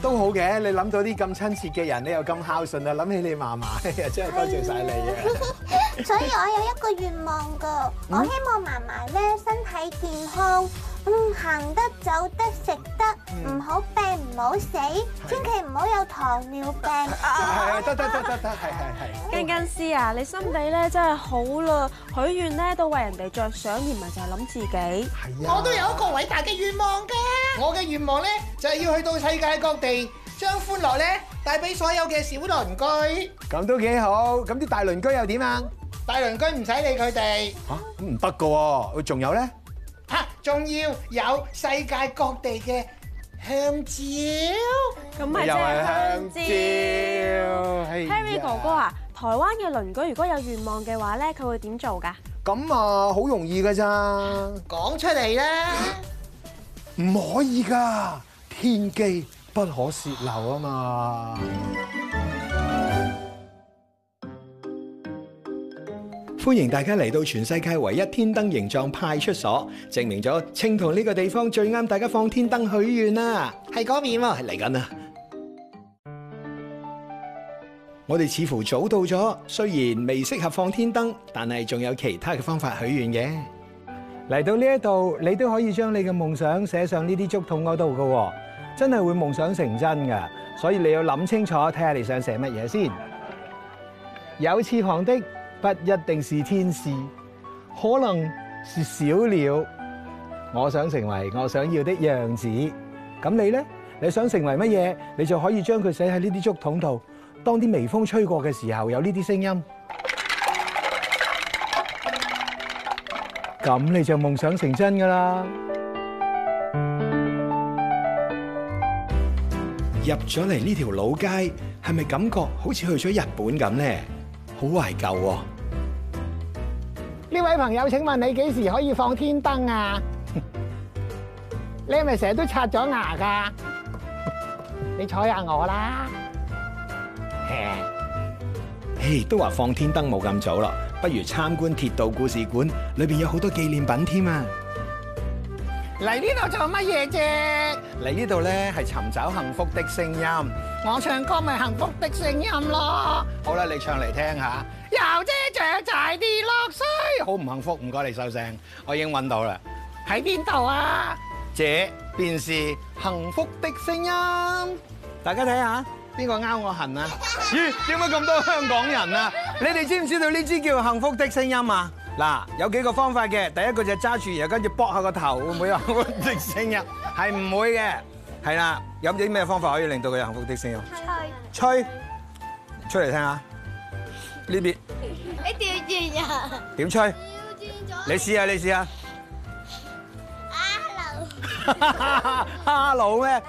都好嘅，你諗到啲咁親切嘅人，你又咁孝順啊，諗起你嫲嫲，真係多謝晒你。所以我有一個願望㗎，我希望嫲嫲咧身體健康，嗯行得走得食得，唔好病唔好死，千祈唔好有糖尿病啊！係啊，得得得得得，係係係。更根師啊，你心地咧真係好啦，許願咧都為人哋着想，而唔係就係諗自己。係啊。我都有一個偉大嘅願望嘅。我嘅願望咧就係要去到世界各地，將歡樂咧帶俾所有嘅小鄰居。咁都幾好，咁啲大鄰居又點啊？大鄰居唔使理佢哋。吓，咁唔得噶喎！仲有咧？吓，仲要有世界各地嘅香蕉。咁咪即係香蕉。Harry 哥哥啊，台灣嘅鄰居如果有願望嘅話咧，佢會點做噶？咁啊，好容易噶咋？講出嚟啦！唔可以噶，天機不可洩漏啊嘛！歡迎大家嚟到全世界唯一天燈形狀派出所，證明咗青桐呢個地方最啱大家放天燈許願啦！喺嗰邊喎，嚟緊啦！我哋似乎早到咗，雖然未適合放天燈，但係仲有其他嘅方法許願嘅。嚟到呢一度，你都可以將你嘅夢想寫上呢啲竹筒嗰度嘅喎，真係會夢想成真嘅。所以你要諗清楚，睇下你想寫乜嘢先。有翅膀的不一定是天使，可能是小鳥。我想成為我想要的樣子。咁你呢？你想成為乜嘢？你就可以將佢寫喺呢啲竹筒度。當啲微風吹過嘅時候，有呢啲聲音。咁你就夢想成真噶啦！入咗嚟呢條老街，係咪感覺好似去咗日本咁咧？好懷舊喎！呢位朋友，請問你幾時可以放天燈啊？你係咪成日都刷咗牙噶？你睬下我啦！誒，都話放天燈冇咁早咯。不如參觀鐵道故事館，裏邊有好多紀念品添啊！嚟呢度做乜嘢啫？嚟呢度咧係尋找幸福的聲音，我唱歌咪幸福的聲音咯！好啦，你唱嚟聽下。有隻雀仔跌落水，好唔幸福？唔該你收聲，我已經揾到啦。喺邊度啊？這便是幸福的聲音。大家睇下，邊個啱我痕啊？咦？點解咁多香港人啊？你哋知唔知道呢支叫幸福的聲音啊？嗱，有幾個方法嘅，第一個就係揸住，然後跟住剝下個頭，會唔會有幸福的聲音？係唔會嘅，係啦。有冇啲咩方法可以令到佢有幸福的聲音？吹吹吹，嚟聽下呢邊。你調轉呀點吹？調轉咗。你試下，你試下。Hello。Hello 咩？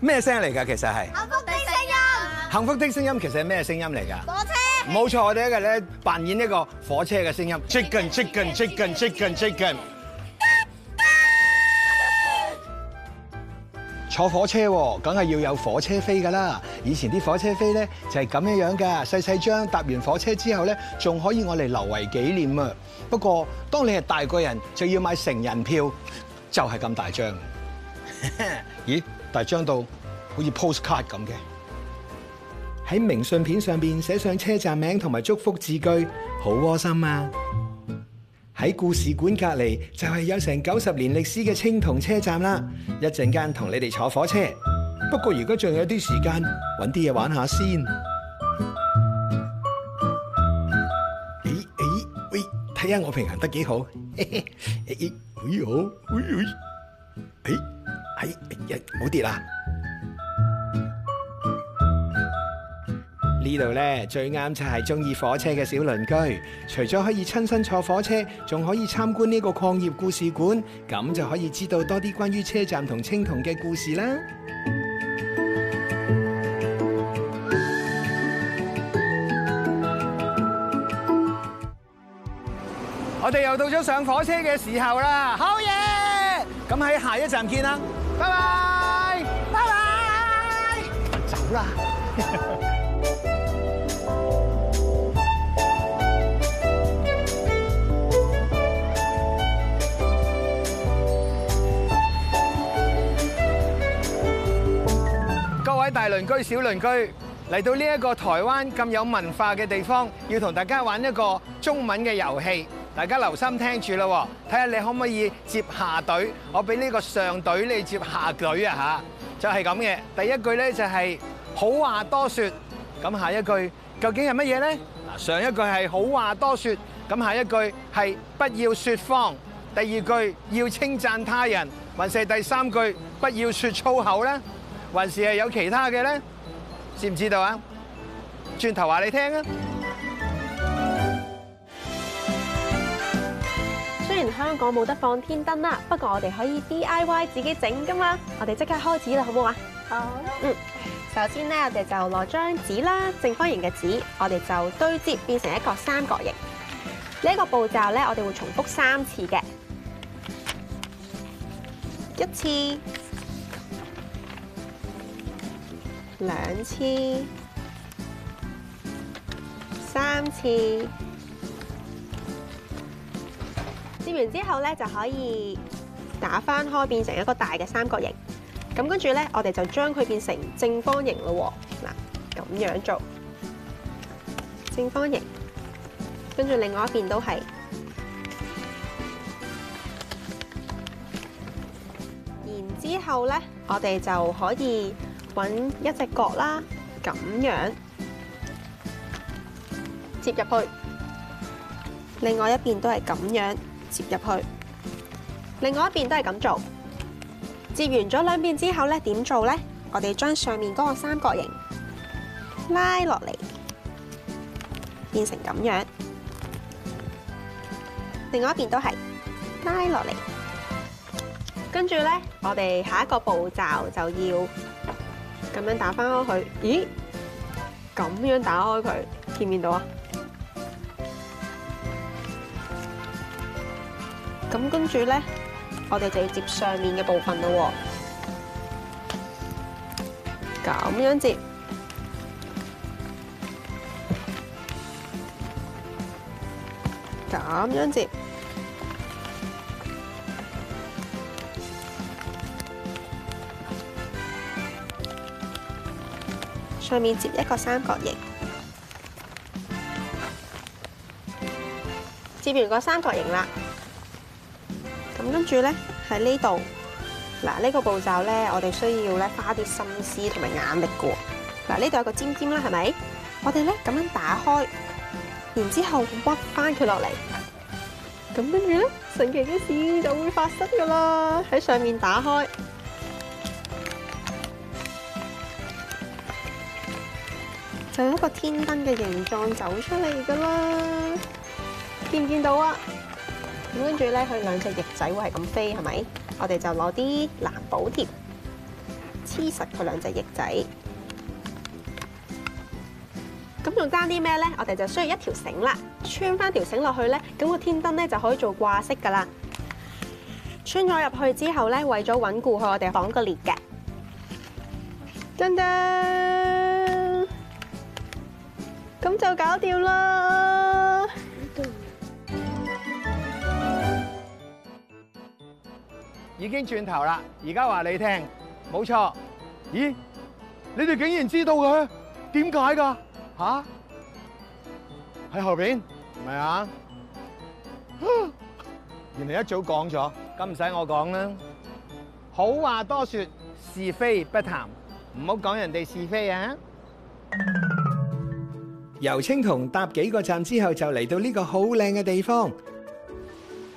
咩聲嚟噶？其實係幸福的聲音。幸福的聲音其實係咩聲音嚟噶？火車。冇錯，我哋咧扮演一個火車嘅聲音，zigging zigging zigging zigging zigging。坐火車喎，梗係要有火車飛㗎啦。以前啲火車飛咧就係咁樣樣㗎，細細張。搭完火車之後咧，仲可以我哋留為紀念啊。不過，當你係大個人，就要買成人票，就係咁大張。咦？大張到好似 postcard 咁嘅。喺明信片上面寫上車站名同埋祝福字句，好窩心啊！喺故事館隔籬就係、是、有成九十年歷史嘅青銅車站啦，一陣間同你哋坐火車。不過如果仲有啲時間，搵啲嘢玩下先。誒誒喂，睇、哎、下、哎、我平衡得幾好。誒 咦、哎？好、哎，誒、哎、誒，誒、哎、誒，唔好跌啊！哎呢度呢，最啱就係中意火車嘅小鄰居，除咗可以親身坐火車，仲可以參觀呢個礦業故事館，咁就可以知道多啲關於車站同青銅嘅故事啦。我哋又到咗上火車嘅時候啦，好嘢！咁喺下一站見啦，拜拜，拜拜，拜拜走啦吧。 大鄰居、小鄰居嚟到呢一個台灣咁有文化嘅地方，要同大家玩一個中文嘅遊戲。大家留心聽住啦，睇下你可唔可以接下隊。我俾呢個上隊你接下隊啊吓，就係咁嘅。第一句呢，就係好話多說，咁下一句究竟係乜嘢呢？嗱，上一句係好話多說，咁下一句係不要說謊。第二句要稱讚他人，還是第三句不要說粗口呢？還是係有其他嘅咧？知唔知道啊？轉頭話你聽啊！雖然香港冇得放天燈啦，不過我哋可以 DIY 自己整㗎嘛。我哋即刻開始啦，好唔好啊？好。嗯，首先咧，我哋就攞張紙啦，正方形嘅紙，我哋就堆疊變成一個三角形。呢個步驟咧，我哋會重複三次嘅，一次。兩次、三次，折完之後咧就可以打返開，變成一個大嘅三角形。咁跟住咧，我哋就將佢變成正方形咯喎。嗱，咁樣做正方形，跟住另外一邊都係。然之後咧，我哋就可以。揾一隻角啦，咁樣接入去。另外一邊都係咁樣接入去。另外一邊都係咁做。接完咗兩邊之後呢，點做呢？我哋將上面嗰個三角形拉落嚟，變成咁樣。另外一邊都係拉落嚟。跟住呢，我哋下一個步驟就要。咁樣打翻開佢，咦？咁樣打開佢，見唔見到啊？咁跟住咧，我哋就要接上面嘅部分啦喎。咁樣接，咁樣接。上面接一個三角形，接完個三角形啦。咁跟住咧，喺呢度，嗱呢個步驟咧，我哋需要咧花啲心思同埋眼力嘅。嗱呢度有個尖尖啦，係咪？我哋咧咁樣打開，然之後屈翻佢落嚟。咁跟住咧，神奇嘅事就會發生㗎啦！喺上面打開。一個天燈嘅形狀走出嚟噶啦，見唔見到啊？咁跟住咧，佢兩隻翼仔會係咁飛，係咪？我哋就攞啲藍寶貼，黐實佢兩隻翼仔。咁仲爭啲咩咧？我哋就需要一條繩啦，穿翻條繩落去咧，咁個天燈咧就可以做掛飾噶啦。穿咗入去之後咧，為咗穩固佢，我哋綁個裂嘅。噔噔～咁就搞掂啦！已經轉頭啦，而家話你聽，冇錯。咦？你哋竟然知道嘅，點解㗎？吓、啊？喺後邊，唔係啊？原來一早講咗，咁唔使我講啦。好話多說，是非不談，唔好講人哋是非啊！由青桐搭幾個站之後，就嚟到呢個好靚嘅地方。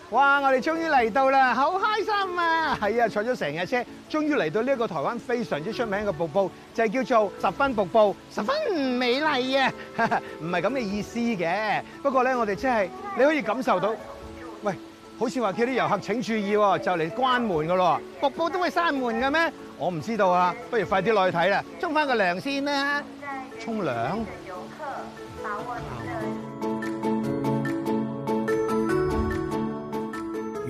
哇！我哋終於嚟到啦，好開心啊！係啊，坐咗成日車，終於嚟到呢一個台灣非常之出名嘅瀑布，就係叫做十分瀑布，十分唔美麗啊！唔係咁嘅意思嘅。不過咧，我哋真係你可以感受到，喂，好似話叫啲遊客請注意，就嚟關門噶咯。瀑布都會閂門嘅咩？我唔知道啊。不如快啲落去睇啦，沖翻個涼先啦，沖涼。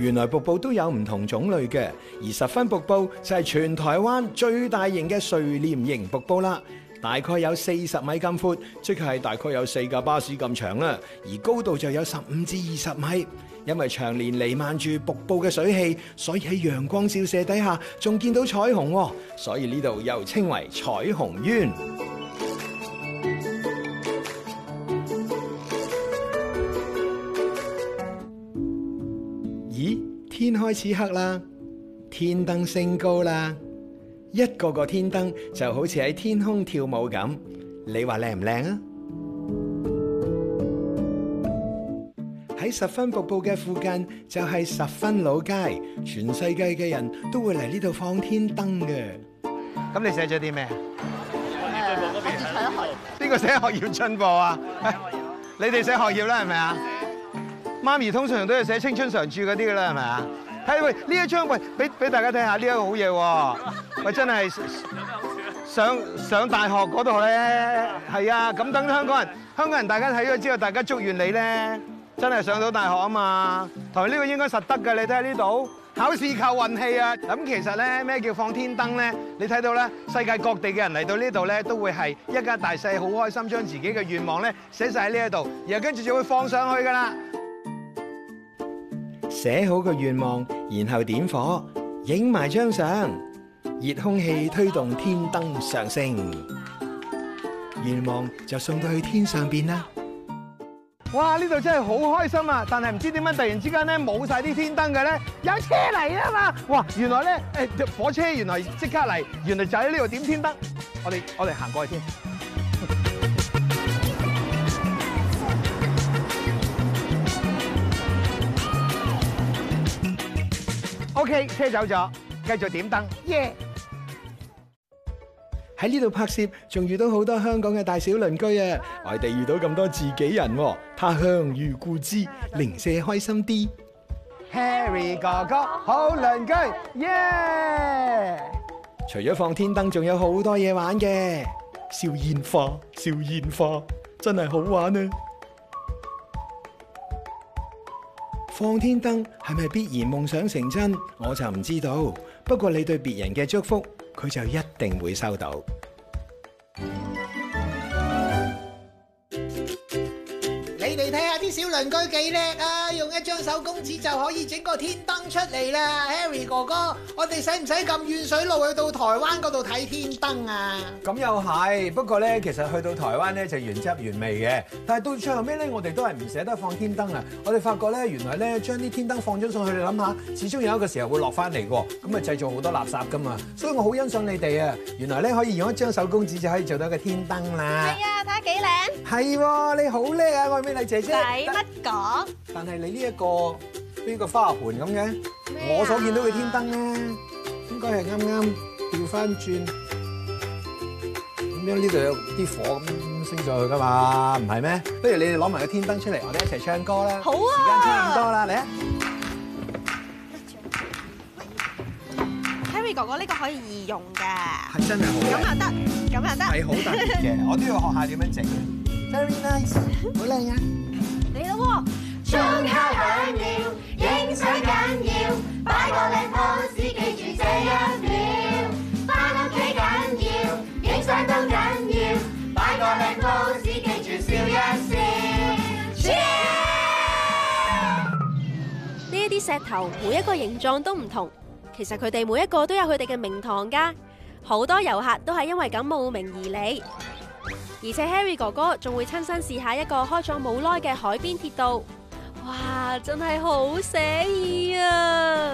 原來瀑布都有唔同種類嘅，而十分瀑布就係全台灣最大型嘅垂簾型瀑布啦，大概有四十米咁闊，即係大概有四架巴士咁長啦，而高度就有十五至二十米。因為長年瀰漫住瀑布嘅水汽，所以喺陽光照射底下仲見到彩虹，所以呢度又稱為彩虹淵。天開始黑啦，天燈升高啦，一個個天燈就好似喺天空跳舞咁，你話靚唔靚啊？喺十分瀑布嘅附近就係十分老街，全世界嘅人都會嚟呢度放天燈嘅。咁你寫咗啲咩啊？學業進步，我邊個寫學業進步啊？你哋寫學業啦，係咪啊？媽咪通常都係寫青春常駐嗰啲噶啦，係咪啊？係喂，呢一張喂，俾俾大家睇下呢一個好嘢喎，喂真係上上大學嗰度咧，係啊，咁等香港人，香港人大家睇咗之後，大家祝願你咧，真係上到大學啊嘛，同埋呢個應該實得㗎，你睇下呢度考試靠運氣啊，咁其實咧咩叫放天燈咧？你睇到咧，世界各地嘅人嚟到呢度咧，都會係一家大細好開心，將自己嘅願望咧寫晒喺呢一度，然後跟住就會放上去噶啦。寫好個願望，然後點火，影埋張相，熱空氣推動天燈上升，願望就送到去天上邊啦。哇！呢度真係好開心啊！但係唔知點解突然之間咧冇晒啲天燈嘅咧，有車嚟吖嘛！哇！原來咧，誒，火車原來即刻嚟，原來就喺呢度點天燈。我哋我哋行過去先。車走咗，繼續點燈。Yeah! 喺呢度拍攝，仲遇到好多香港嘅大小鄰居啊！啊外地遇到咁多自己人，啊，他鄉遇故知，啊、零舍開心啲。Harry 哥哥好鄰居。Yeah! 除咗放天燈，仲有好多嘢玩嘅，笑煙花，笑煙花，真係好玩啊！望天燈係咪必然夢想成真，我就唔知道。不過你對別人嘅祝福，佢就一定會收到。你哋睇下啲小鄰居幾叻啊！一張手工紙就可以整個天燈出嚟啦，Harry 哥哥，我哋使唔使咁遠水路去到台灣嗰度睇天燈啊？咁又係，不過咧，其實去到台灣咧就原汁原味嘅。但係到最後尾咧，我哋都係唔捨得放天燈啊！我哋發覺咧，原來咧將啲天燈放咗上去，你諗下，始終有一個時候會落翻嚟嘅，咁啊製造好多垃圾噶嘛。所以我好欣賞你哋啊！原來咧可以用一張手工紙就可以做到一個天燈啦。係啊，睇下幾靚。係，你好叻啊，愛美麗姐姐。使乜講？但係你呢？一個邊個花盆咁嘅，我所見到嘅天燈咧，應該係啱啱掉翻轉，咁樣呢度有啲火咁升上去噶嘛，唔係咩？不如你哋攞埋個天燈出嚟，我哋一齊唱歌啦。好啊，時間差唔多啦，嚟啊！Harry 哥哥呢個可以易用嘅，係真係好。咁又得，咁又得，係好特別嘅，我都要學下點樣整。Very nice，好靚啊，嚟咯喎！響了拍張照緊要，影相緊要，擺個靚 pose 記住這一秒。返屋企緊要，影相都緊要，擺個靚 pose 記住笑一笑。Chill! 呢一啲石頭每一個形狀都唔同，其實佢哋每一個都有佢哋嘅名堂噶。好多遊客都係因為咁慕名而嚟，而且 Harry 哥哥仲會親身試下一個開咗冇耐嘅海邊鐵道。哇，真係好寫意啊！